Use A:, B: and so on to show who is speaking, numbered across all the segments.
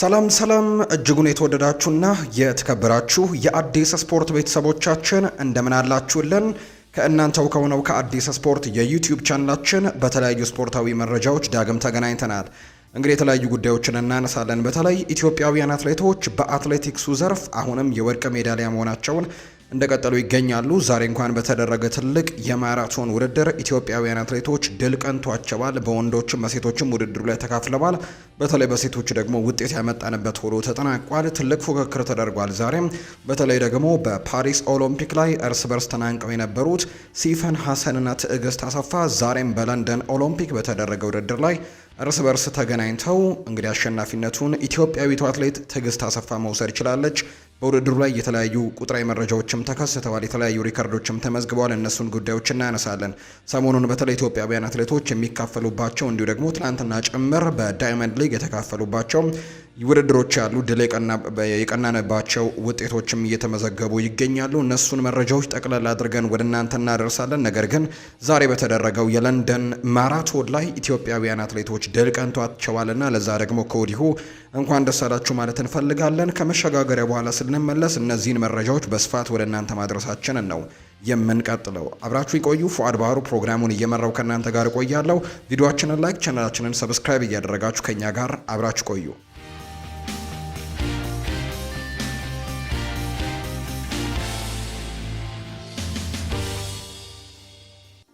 A: ሰላም ሰላም እጅጉን የተወደዳችሁና የተከበራችሁ የአዲስ ስፖርት ቤተሰቦቻችን እንደምን አላችሁልን? ከእናንተው ከሆነው ከአዲስ ስፖርት የዩቲዩብ ቻናላችን በተለያዩ ስፖርታዊ መረጃዎች ዳግም ተገናኝተናል። እንግዲህ የተለያዩ ጉዳዮችን እናነሳለን። በተለይ ኢትዮጵያውያን አትሌቶች በአትሌቲክሱ ዘርፍ አሁንም የወርቅ ሜዳሊያ መሆናቸውን እንደቀጠሉ ይገኛሉ። ዛሬ እንኳን በተደረገ ትልቅ የማራቶን ውድድር ኢትዮጵያውያን አትሌቶች ድል ቀንቷቸዋል። በወንዶችም በሴቶችም ውድድሩ ላይ ተካፍለዋል። በተለይ በሴቶች ደግሞ ውጤት ያመጣንበት ሆኖ ተጠናቋል። ትልቅ ፉክክር ተደርጓል። ዛሬም በተለይ ደግሞ በፓሪስ ኦሎምፒክ ላይ እርስ በርስ ተናንቀው የነበሩት ሲፈን ሀሰንና ትዕግስት አሰፋ ዛሬም በለንደን ኦሎምፒክ በተደረገ ውድድር ላይ እርስ በርስ ተገናኝተው እንግዲህ አሸናፊነቱን ኢትዮጵያዊቱ አትሌት ትዕግስት አሰፋ መውሰድ ችላለች። በውድድሩ ላይ የተለያዩ ቁጥራዊ መረጃዎችም ተከስተዋል፣ የተለያዩ ሪከርዶችም ተመዝግበዋል። እነሱን ጉዳዮች እናነሳለን። ሰሞኑን በተለይ ኢትዮጵያውያን አትሌቶች የሚካፈሉባቸው እንዲሁ ደግሞ ትናንትና ጭምር በዳይመንድ ሊግ የተካፈሉባቸው ውድድሮች ያሉ ድል የቀናነባቸው ውጤቶችም እየተመዘገቡ ይገኛሉ። እነሱን መረጃዎች ጠቅለል አድርገን ወደ እናንተ እናደርሳለን። ነገር ግን ዛሬ በተደረገው የለንደን ማራቶን ላይ ኢትዮጵያውያን አትሌቶች ድል ቀንቷቸዋልና ለዛ ደግሞ ከወዲሁ እንኳን ደስ አላችሁ ማለት እንፈልጋለን። ከመሸጋገሪያ በኋላ ስንመለስ እነዚህን መረጃዎች በስፋት ወደ እናንተ ማድረሳችንን ነው የምንቀጥለው አብራችሁ ይቆዩ። ፉአድ ባህሩ ፕሮግራሙን እየመራው ከእናንተ ጋር እቆያለሁ። ቪዲዮችንን ላይክ፣ ቻናላችንን ሰብስክራይብ እያደረጋችሁ ከኛ ጋር አብራችሁ ቆዩ።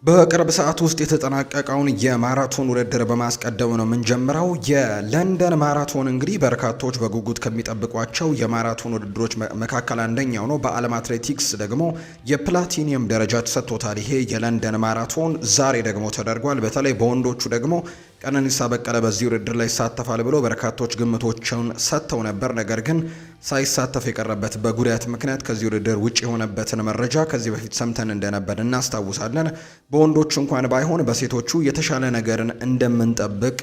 A: በቅርብ ሰዓት ውስጥ የተጠናቀቀውን የማራቶን ውድድር በማስቀደም ነው የምንጀምረው። የለንደን ማራቶን እንግዲህ በርካቶች በጉጉት ከሚጠብቋቸው የማራቶን ውድድሮች መካከል አንደኛው ነው። በዓለም አትሌቲክስ ደግሞ የፕላቲኒየም ደረጃ ተሰጥቶታል። ይሄ የለንደን ማራቶን ዛሬ ደግሞ ተደርጓል። በተለይ በወንዶቹ ደግሞ ቀነኒሳ በቀለ በዚህ ውድድር ላይ ይሳተፋል ብሎ በርካቶች ግምቶችን ሰጥተው ነበር። ነገር ግን ሳይሳተፍ የቀረበት በጉዳት ምክንያት ከዚህ ውድድር ውጭ የሆነበትን መረጃ ከዚህ በፊት ሰምተን እንደነበር እናስታውሳለን። በወንዶች እንኳን ባይሆን በሴቶቹ የተሻለ ነገርን እንደምንጠብቅ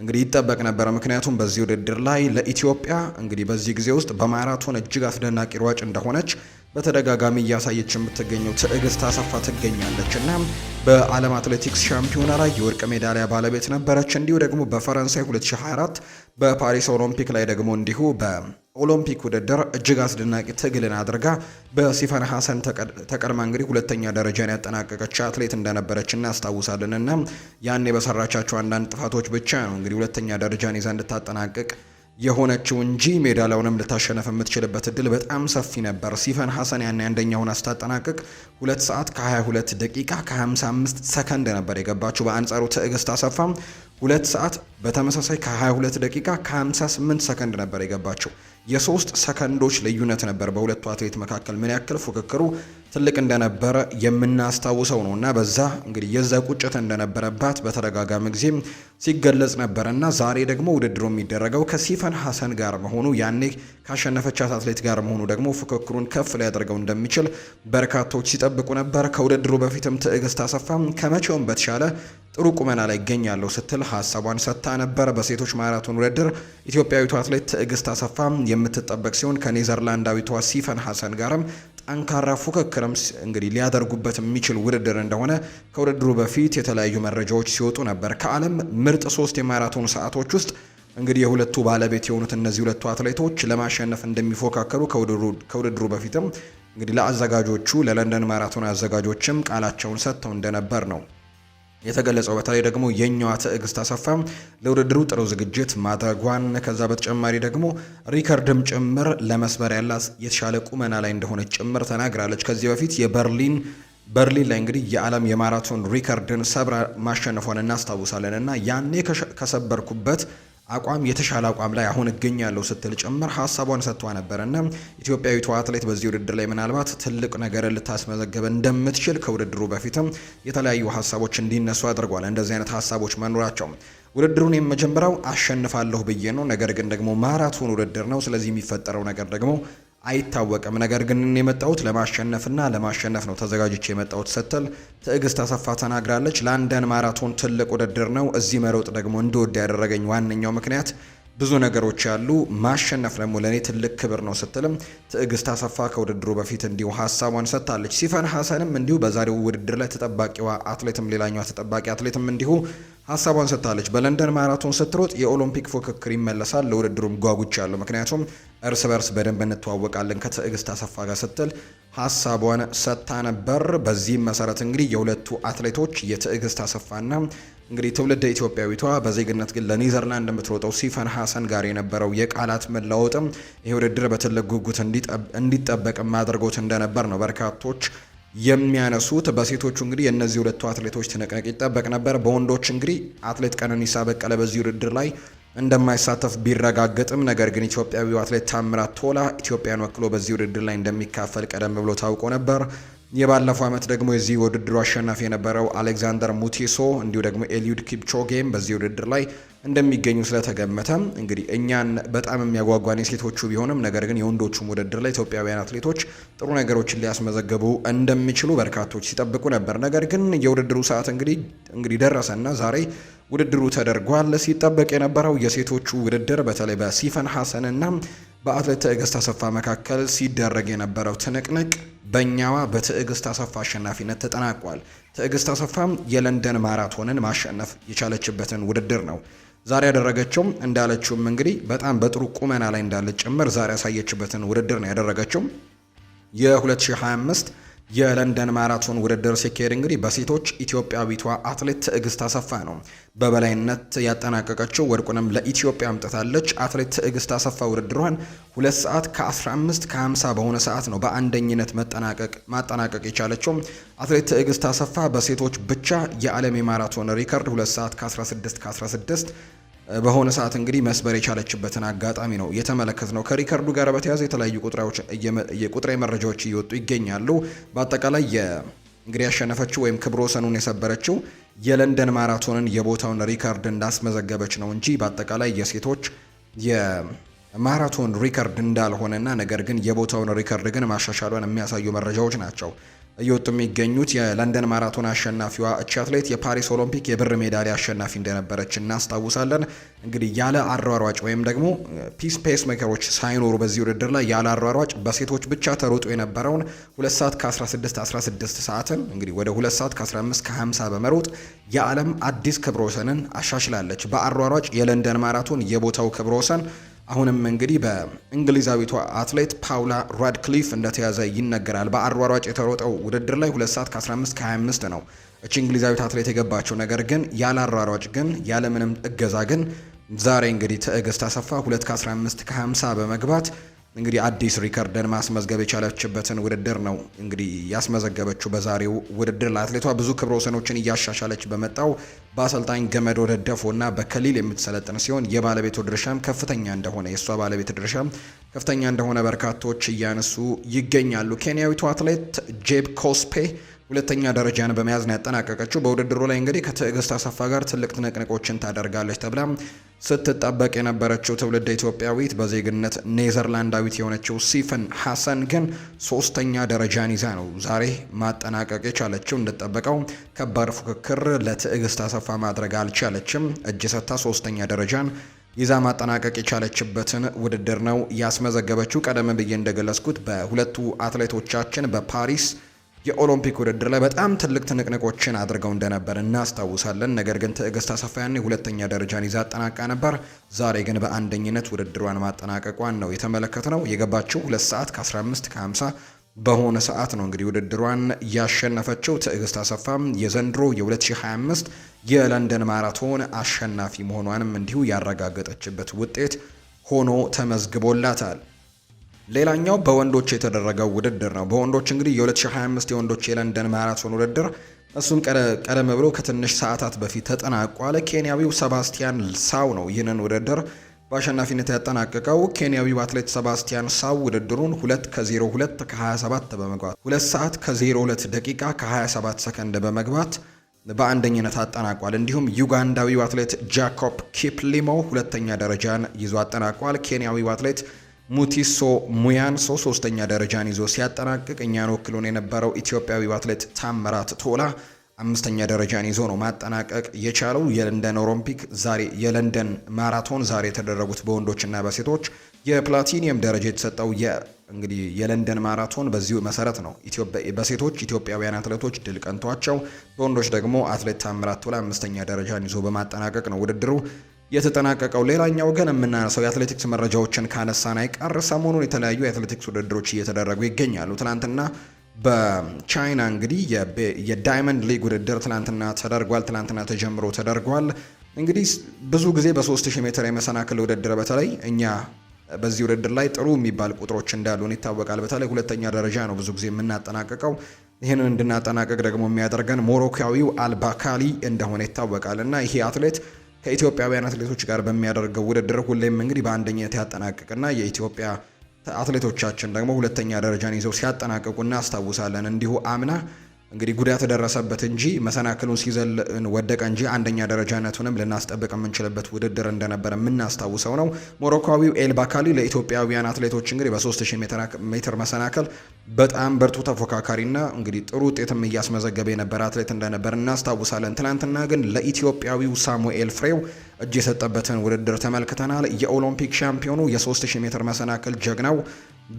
A: እንግዲህ ይጠበቅ ነበር። ምክንያቱም በዚህ ውድድር ላይ ለኢትዮጵያ እንግዲህ በዚህ ጊዜ ውስጥ በማራቶን እጅግ አስደናቂ ሯጭ እንደሆነች በተደጋጋሚ እያሳየች የምትገኘው ትዕግስት አሰፋ ትገኛለች እና በዓለም አትሌቲክስ ሻምፒዮና ላይ የወርቅ ሜዳሊያ ባለቤት ነበረች። እንዲሁ ደግሞ በፈረንሳይ 2024 በፓሪስ ኦሎምፒክ ላይ ደግሞ እንዲሁ በኦሎምፒክ ውድድር እጅግ አስደናቂ ትግልን አድርጋ በሲፈን ሀሰን ተቀድማ እንግዲህ ሁለተኛ ደረጃን ያጠናቀቀች አትሌት እንደነበረች እናስታውሳለን እና ያኔ በሰራቻቸው አንዳንድ ጥፋቶች ብቻ ነው እንግዲህ ሁለተኛ ደረጃን ይዛ እንድታጠናቅቅ የሆነችው እንጂ ሜዳሊያውንም ልታሸነፍ የምትችልበት እድል በጣም ሰፊ ነበር። ሲፈን ሀሰን ያን አንደኛውን አስታጠናቅቅ ሁለት ሰዓት ከ22 ደቂቃ ከ55 ሰከንድ ነበር የገባችው። በአንጻሩ ትዕግስት አሰፋም ሁለት ሰዓት በተመሳሳይ ከ22 ደቂቃ ከ58 ሰከንድ ነበር የገባችው። የሶስት ሰከንዶች ልዩነት ነበር በሁለቱ አትሌት መካከል። ምን ያክል ፉክክሩ ትልቅ እንደነበረ የምናስታውሰው ነው እና በዛ እንግዲህ የዛ ቁጭት እንደነበረባት በተደጋጋሚ ጊዜ ሲገለጽ ነበር እና ዛሬ ደግሞ ውድድሩ የሚደረገው ከሲፈን ሀሰን ጋር መሆኑ ያኔ ካሸነፈቻት አትሌት ጋር መሆኑ ደግሞ ፉክክሩን ከፍ ሊያደርገው እንደሚችል በርካቶች ሲጠብቁ ነበር። ከውድድሩ በፊትም ትዕግስት አሰፋ ከመቼውም በተሻለ ጥሩ ቁመና ላይ ይገኛለሁ ስትል ሀሳቧን ሰጥታ ነበር። በሴቶች ማራቶን ውድድር ኢትዮጵያዊቷ አትሌት ትዕግስት አሰፋ የምትጠበቅ ሲሆን ከኔዘርላንዳዊቷ ሲፈን ሀሰን ጋርም ጠንካራ ፉክክርም እንግዲህ ሊያደርጉበት የሚችል ውድድር እንደሆነ ከውድድሩ በፊት የተለያዩ መረጃዎች ሲወጡ ነበር። ከዓለም ምርጥ ሶስት የማራቶን ሰዓቶች ውስጥ እንግዲህ የሁለቱ ባለቤት የሆኑት እነዚህ ሁለቱ አትሌቶች ለማሸነፍ እንደሚፎካከሩ ከውድድሩ በፊትም እንግዲህ ለአዘጋጆቹ ለለንደን ማራቶን አዘጋጆችም ቃላቸውን ሰጥተው እንደነበር ነው የተገለጸው። በተለይ ደግሞ የኛዋ ትዕግስት አሰፋ ለውድድሩ ጥሩ ዝግጅት ማድረጓን ከዛ በተጨማሪ ደግሞ ሪከርድም ጭምር ለመስበር ያላት የተሻለ ቁመና ላይ እንደሆነች ጭምር ተናግራለች። ከዚህ በፊት የበርሊን በርሊን ላይ እንግዲህ የዓለም የማራቶን ሪከርድን ሰብራ ማሸነፏን እናስታውሳለን እና ያኔ ከሰበርኩበት አቋም የተሻለ አቋም ላይ አሁን እገኛለሁ ስትል ጭምር ሀሳቧን ሰጥቷ ነበር እና ኢትዮጵያዊቷ አትሌት በዚህ ውድድር ላይ ምናልባት ትልቅ ነገር ልታስመዘገበ እንደምትችል ከውድድሩ በፊትም የተለያዩ ሀሳቦች እንዲነሱ አድርጓል። እንደዚህ አይነት ሀሳቦች መኖራቸው ውድድሩን የመጀመሪያው አሸንፋለሁ ብዬ ነው፣ ነገር ግን ደግሞ ማራቶን ውድድር ነው። ስለዚህ የሚፈጠረው ነገር ደግሞ አይታወቅም። ነገር ግን የመጣሁት ለማሸነፍና ለማሸነፍ ነው ተዘጋጅቼ የመጣሁት ስትል ትዕግስት አሰፋ ተናግራለች። ለንደን ማራቶን ትልቅ ውድድር ነው። እዚህ መሮጥ ደግሞ እንድወድ ያደረገኝ ዋነኛው ምክንያት ብዙ ነገሮች ያሉ ማሸነፍ ደግሞ ለእኔ ትልቅ ክብር ነው ስትልም ትዕግስት አሰፋ ከውድድሩ በፊት እንዲሁ ሀሳቧን ሰጥታለች። ሲፈን ሀሰንም እንዲሁ በዛሬው ውድድር ላይ ተጠባቂዋ አትሌትም ሌላኛዋ ተጠባቂ አትሌትም እንዲሁ ሀሳቧን ሰጥታለች። በለንደን ማራቶን ስትሮጥ የኦሎምፒክ ፉክክር ይመለሳል፣ ለውድድሩም ያለው ምክንያቱም እርስ በርስ በደንብ እንተዋወቃለን ከትዕግስት አሰፋ ጋር ስትል ሀሳቧን ሰጥታ ነበር። በዚህም መሰረት እንግዲህ የሁለቱ አትሌቶች የትዕግስት አሰፋና እንግዲህ ትውልድ ኢትዮጵያዊቷ በዜግነት ግን ለኔዘርላንድ የምትሮጠው ሲፈን ሀሰን ጋር የነበረው የቃላት መለዋወጥም ይህ ውድድር በትልቅ ጉጉት እንዲጠበቅም አድርጎት እንደነበር ነው በርካቶች የሚያነሱት በሴቶቹ እንግዲህ የእነዚህ ሁለቱ አትሌቶች ትንቅንቅ ይጠበቅ ነበር። በወንዶች እንግዲህ አትሌት ቀነኒሳ በቀለ በዚህ ውድድር ላይ እንደማይሳተፍ ቢረጋገጥም ነገር ግን ኢትዮጵያዊው አትሌት ታምራት ቶላ ኢትዮጵያን ወክሎ በዚህ ውድድር ላይ እንደሚካፈል ቀደም ብሎ ታውቆ ነበር። የባለፈው ዓመት ደግሞ የዚህ ውድድሩ አሸናፊ የነበረው አሌክዛንደር ሙቲሶ እንዲሁ ደግሞ ኤልዩድ ኪፕቾጌም በዚህ ውድድር ላይ እንደሚገኙ ስለተገመተ እንግዲህ እኛን በጣም የሚያጓጓን የሴቶቹ ቢሆንም ነገር ግን የወንዶቹም ውድድር ላይ ኢትዮጵያውያን አትሌቶች ጥሩ ነገሮችን ሊያስመዘግቡ እንደሚችሉ በርካቶች ሲጠብቁ ነበር። ነገር ግን የውድድሩ ሰዓት እንግዲህ እንግዲህ ደረሰና ዛሬ ውድድሩ ተደርጓል። ሲጠበቅ የነበረው የሴቶቹ ውድድር በተለይ በሲፈን ሀሰንና በአትሌት ትዕግስት አሰፋ መካከል ሲደረግ የነበረው ትንቅንቅ በእኛዋ በትዕግስት አሰፋ አሸናፊነት ተጠናቋል። ትዕግስት አሰፋም የለንደን ማራቶንን ማሸነፍ የቻለችበትን ውድድር ነው ዛሬ ያደረገችውም እንዳለችውም እንግዲህ በጣም በጥሩ ቁመና ላይ እንዳለች ጭምር ዛሬ ያሳየችበትን ውድድር ነው ያደረገችው የ2025 የለንደን ማራቶን ውድድር ሲካሄድ እንግዲህ በሴቶች ኢትዮጵያዊቷ አትሌት ትዕግስት አሰፋ ነው በበላይነት ያጠናቀቀችው፣ ወርቁንም ለኢትዮጵያ አምጥታለች። አትሌት ትዕግስት አሰፋ ውድድሯን ሁለት ሰዓት ከ15 ከ50 በሆነ ሰዓት ነው በአንደኝነት ማጠናቀቅ የቻለችው። አትሌት ትዕግስት አሰፋ በሴቶች ብቻ የዓለም የማራቶን ሪከርድ 2 ሰዓት ከ16 ከ16 በሆነ ሰዓት እንግዲህ መስበር የቻለችበትን አጋጣሚ ነው እየተመለከት ነው። ከሪከርዱ ጋር በተያያዘ የተለያዩ የቁጥሬ መረጃዎች እየወጡ ይገኛሉ። በአጠቃላይ እንግዲህ ያሸነፈችው ወይም ክብረ ወሰኑን የሰበረችው የለንደን ማራቶንን የቦታውን ሪከርድ እንዳስመዘገበች ነው እንጂ በአጠቃላይ የሴቶች የማራቶን ሪከርድ እንዳልሆነና ነገር ግን የቦታውን ሪከርድ ግን ማሻሻሏን የሚያሳዩ መረጃዎች ናቸው እየወጡ የሚገኙት የለንደን ማራቶን አሸናፊዋ እቺ አትሌት የፓሪስ ኦሎምፒክ የብር ሜዳሊያ አሸናፊ እንደነበረች እናስታውሳለን። እንግዲህ ያለ አሯሯጭ ወይም ደግሞ ፒስ ፔስ ሜከሮች ሳይኖሩ በዚህ ውድድር ላይ ያለ አሯሯጭ በሴቶች ብቻ ተሮጦ የነበረውን 2 ሰዓት ከ16 16 ሰዓትን እንግዲህ ወደ 2 ሰዓት ከ15 ከ50 በመሮጥ የዓለም አዲስ ክብረ ወሰንን አሻሽላለች። በአሯሯጭ የለንደን ማራቶን የቦታው ክብረ ወሰን አሁንም እንግዲህ በእንግሊዛዊቷ አትሌት ፓውላ ራድክሊፍ እንደተያዘ ይነገራል። በአሯሯጭ የተሮጠው ውድድር ላይ 2 ሰዓት ከ15 ከ25 ነው እቺ እንግሊዛዊት አትሌት የገባቸው። ነገር ግን ያለ አሯሯጭ ግን ያለምንም እገዛ ግን ዛሬ እንግዲህ ትዕግስት አሰፋ 2 ከ15 ከ50 በመግባት እንግዲህ አዲስ ሪከርድን ማስመዝገብ የቻለችበትን ውድድር ነው እንግዲህ ያስመዘገበችው። በዛሬው ውድድር ለአትሌቷ ብዙ ክብረ ወሰኖችን እያሻሻለች በመጣው በአሰልጣኝ ደፎ ደደፎና በከሊል የምትሰለጥን ሲሆን የባለቤቱ ድርሻም ከፍተኛ እንደሆነ የእሷ ባለቤት ድርሻም ከፍተኛ እንደሆነ በርካቶች እያነሱ ይገኛሉ። ኬንያዊቱ አትሌት ጄብ ኮስፔ ሁለተኛ ደረጃን በመያዝ ነው ያጠናቀቀችው። በውድድሩ ላይ እንግዲህ ከትዕግስት አሰፋ ጋር ትልቅ ትንቅንቆችን ታደርጋለች ተብላ ስትጠበቅ የነበረችው ትውልድ ኢትዮጵያዊት በዜግነት ኔዘርላንዳዊት የሆነችው ሲፈን ሐሰን ግን ሶስተኛ ደረጃን ይዛ ነው ዛሬ ማጠናቀቅ የቻለችው። እንደጠበቀው ከባድ ፉክክር ለትዕግስት አሰፋ ማድረግ አልቻለችም። እጅ ሰታ ሶስተኛ ደረጃን ይዛ ማጠናቀቅ የቻለችበትን ውድድር ነው ያስመዘገበችው። ቀደም ብዬ እንደገለጽኩት በሁለቱ አትሌቶቻችን በፓሪስ የኦሎምፒክ ውድድር ላይ በጣም ትልቅ ትንቅንቆችን አድርገው እንደነበር እናስታውሳለን። ነገር ግን ትዕግስት አሰፋ ያኔ ሁለተኛ ደረጃን ይዛ አጠናቃ ነበር። ዛሬ ግን በአንደኝነት ውድድሯን ማጠናቀቋን ነው የተመለከት ነው። የገባችው ሁለት ሰዓት ከ15 ከ50 በሆነ ሰዓት ነው እንግዲህ ውድድሯን ያሸነፈችው። ትዕግስት አሰፋም የዘንድሮ የ2025 የለንደን ማራቶን አሸናፊ መሆኗንም እንዲሁ ያረጋገጠችበት ውጤት ሆኖ ተመዝግቦላታል። ሌላኛው በወንዶች የተደረገው ውድድር ነው። በወንዶች እንግዲህ የ2025 የወንዶች የለንደን ማራቶን ውድድር እሱም ቀደም ብሎ ከትንሽ ሰዓታት በፊት ተጠናቋል። ኬንያዊው ሰባስቲያን ሳው ነው ይህንን ውድድር በአሸናፊነት ያጠናቀቀው። ኬንያዊው አትሌት ሰባስቲያን ሳው ውድድሩን 2 ከ02 ከ27 በመግባት 2 ሰዓት ከ02 ደቂቃ ከ27 ሰከንድ በመግባት በአንደኝነት አጠናቋል። እንዲሁም ዩጋንዳዊው አትሌት ጃኮብ ኪፕሊሞ ሁለተኛ ደረጃን ይዞ አጠናቋል። ኬንያዊው አትሌት ሙቲሶ ሙያንሶ ሶስተኛ ደረጃን ይዞ ሲያጠናቅቅ እኛን ወክሎን የነበረው ኢትዮጵያዊው አትሌት ታምራት ቶላ አምስተኛ ደረጃን ይዞ ነው ማጠናቀቅ የቻለው። የለንደን ኦሎምፒክ ዛሬ የለንደን ማራቶን ዛሬ የተደረጉት በወንዶችና በሴቶች የፕላቲኒየም ደረጃ የተሰጠው እንግዲህ የለንደን ማራቶን በዚሁ መሰረት ነው። በሴቶች ኢትዮጵያውያን አትሌቶች ድል ቀንቷቸው፣ በወንዶች ደግሞ አትሌት ታምራት ቶላ አምስተኛ ደረጃን ይዞ በማጠናቀቅ ነው ውድድሩ የተጠናቀቀው። ሌላኛው ግን የምናነሳው የአትሌቲክስ መረጃዎችን ካነሳን አይቀር ሰሞኑን የተለያዩ የአትሌቲክስ ውድድሮች እየተደረጉ ይገኛሉ። ትናንትና በቻይና እንግዲህ የዳይመንድ ሊግ ውድድር ትናንትና ተደርጓል። ትናንትና ተጀምሮ ተደርጓል። እንግዲህ ብዙ ጊዜ በ3000 ሜትር የመሰናክል ውድድር በተለይ እኛ በዚህ ውድድር ላይ ጥሩ የሚባል ቁጥሮች እንዳሉን ይታወቃል። በተለይ ሁለተኛ ደረጃ ነው ብዙ ጊዜ የምናጠናቀቀው። ይህንን እንድናጠናቀቅ ደግሞ የሚያደርገን ሞሮካዊው አልባካሊ እንደሆነ ይታወቃል እና ይሄ አትሌት ከኢትዮጵያውያን አትሌቶች ጋር በሚያደርገው ውድድር ሁሌም እንግዲህ በአንደኝነት ያጠናቅቅና የኢትዮጵያ አትሌቶቻችን ደግሞ ሁለተኛ ደረጃን ይዘው ሲያጠናቅቁ እናስታውሳለን። እንዲሁ አምና እንግዲህ ጉዳት ደረሰበት እንጂ መሰናክሉን ሲዘል ወደቀ እንጂ አንደኛ ደረጃነቱንም ልናስጠብቅ የምንችልበት ውድድር እንደነበረ የምናስታውሰው ነው። ሞሮኳዊው ኤልባካሊ ለኢትዮጵያውያን አትሌቶች እንግዲህ በ3000 ሜትር መሰናክል በጣም ብርቱ ተፎካካሪና እንግዲህ ጥሩ ውጤትም እያስመዘገበ የነበረ አትሌት እንደነበር እናስታውሳለን። ትናንትና ግን ለኢትዮጵያዊው ሳሙኤል ፍሬው እጅ የሰጠበትን ውድድር ተመልክተናል። የኦሎምፒክ ሻምፒዮኑ የ3000 ሜትር መሰናክል ጀግናው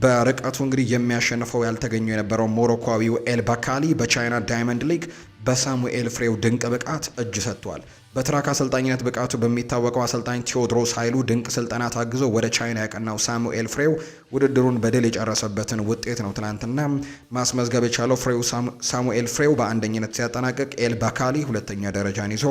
A: በርቀቱ እንግዲህ የሚያሸንፈው ያልተገኘ የነበረው ሞሮኳዊው ኤልባካሊ በቻይና ዳይመንድ ሊግ በሳሙኤል ፍሬው ድንቅ ብቃት እጅ ሰጥቷል። በትራክ አሰልጣኝነት ብቃቱ በሚታወቀው አሰልጣኝ ቴዎድሮስ ኃይሉ ድንቅ ስልጠና ታግዞ ወደ ቻይና ያቀናው ሳሙኤል ፍሬው ውድድሩን በድል የጨረሰበትን ውጤት ነው ትናንትና ማስመዝገብ የቻለው። ፍሬው ሳሙኤል ፍሬው በአንደኝነት ሲያጠናቅቅ ኤል ባካሊ ሁለተኛ ደረጃን ይዞ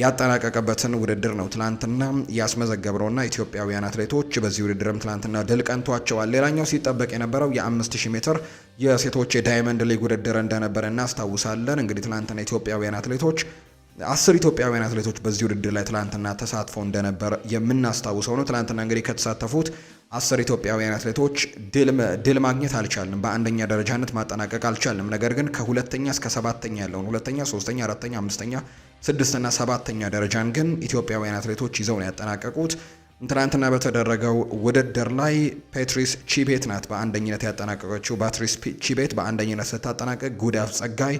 A: ያጠናቀቀበትን ውድድር ነው ትላንትና ያስመዘገብረውና ኢትዮጵያውያን አትሌቶች በዚህ ውድድርም ትላንትና ድል ቀንቷቸዋል። ሌላኛው ሲጠበቅ የነበረው የ5000 ሜትር የሴቶች የዳይመንድ ሊግ ውድድር እንደነበረ እናስታውሳለን። እንግዲህ ትላንትና ኢትዮጵያውያን አትሌቶች አስር ኢትዮጵያውያን አትሌቶች በዚህ ውድድር ላይ ትላንትና ተሳትፈው እንደነበር የምናስታውሰው ነው። ትላንትና እንግዲህ ከተሳተፉት አስር ኢትዮጵያውያን አትሌቶች ድል ማግኘት አልቻልንም። በአንደኛ ደረጃነት ማጠናቀቅ አልቻልንም። ነገር ግን ከሁለተኛ እስከ ሰባተኛ ያለውን ሁለተኛ፣ ሶስተኛ፣ አራተኛ፣ አምስተኛ፣ ስድስትና ሰባተኛ ደረጃን ግን ኢትዮጵያውያን አትሌቶች ይዘው ነው ያጠናቀቁት። ትናንትና በተደረገው ውድድር ላይ ፔትሪስ ቺቤት ናት በአንደኝነት ያጠናቀቀችው። ፓትሪስ ቺቤት በአንደኝነት ስታጠናቀቅ ጉዳፍ ጸጋይ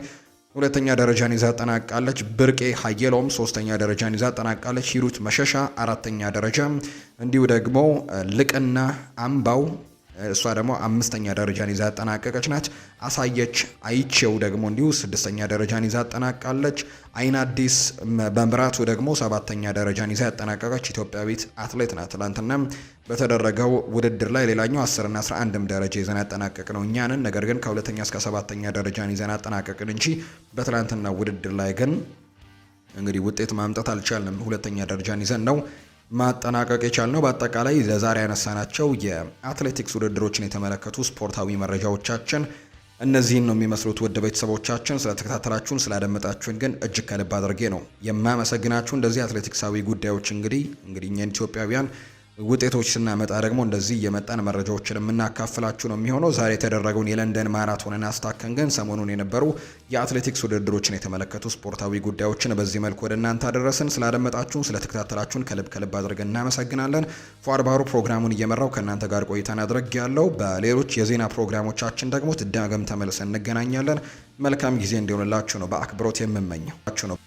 A: ሁለተኛ ደረጃን ይዛ አጠናቃለች። ብርቄ ሀየሎም ሶስተኛ ደረጃን ይዛ አጠናቃለች። ሂሩት መሸሻ አራተኛ ደረጃ፣ እንዲሁ ደግሞ ልቅና አምባው እሷ ደግሞ አምስተኛ ደረጃን ይዛ አጠናቀቀች ናት። አሳየች አይቼው ደግሞ እንዲሁ ስድስተኛ ደረጃን ይዛ አጠናቃለች። አይን አዲስ በምራቱ ደግሞ ሰባተኛ ደረጃን ይዛ ያጠናቀቀች ኢትዮጵያዊት አትሌት ናት። ትላንትና በተደረገው ውድድር ላይ ሌላኛው አስርና አስራ አንድም ደረጃ ይዘን ያጠናቀቅ ነው እኛንን ነገር ግን ከሁለተኛ እስከ ሰባተኛ ደረጃን ይዘን አጠናቀቅን እንጂ በትላንትና ውድድር ላይ ግን እንግዲህ ውጤት ማምጣት አልቻልንም። ሁለተኛ ደረጃን ይዘን ነው ማጠናቀቅ የቻልነው። በአጠቃላይ ለዛሬ ያነሳናቸው የአትሌቲክስ ውድድሮችን የተመለከቱ ስፖርታዊ መረጃዎቻችን እነዚህን ነው የሚመስሉት። ውድ ቤተሰቦቻችን ስለተከታተላችሁን ስላደመጣችሁን ግን እጅግ ከልብ አድርጌ ነው የማመሰግናችሁ። እንደዚህ አትሌቲክሳዊ ጉዳዮች እንግዲህ እንግዲህ እኛን ኢትዮጵያውያን ውጤቶች ስናመጣ ደግሞ እንደዚህ እየመጣን መረጃዎችን የምናካፍላችሁ ነው የሚሆነው። ዛሬ የተደረገውን የለንደን ማራቶንን አስታከን ግን ሰሞኑን የነበሩ የአትሌቲክስ ውድድሮችን የተመለከቱ ስፖርታዊ ጉዳዮችን በዚህ መልኩ ወደ እናንተ አደረስን። ስላደመጣችሁን፣ ስለተከታተላችሁን ከልብ ከልብ አድርገን እናመሰግናለን። ፏር ፕሮግራሙን እየመራው ከእናንተ ጋር ቆይታን አድረግ ያለው። በሌሎች የዜና ፕሮግራሞቻችን ደግሞ ትዳገም ተመልሰን እንገናኛለን። መልካም ጊዜ እንዲሆንላችሁ ነው በአክብሮት የምመኘው ነው።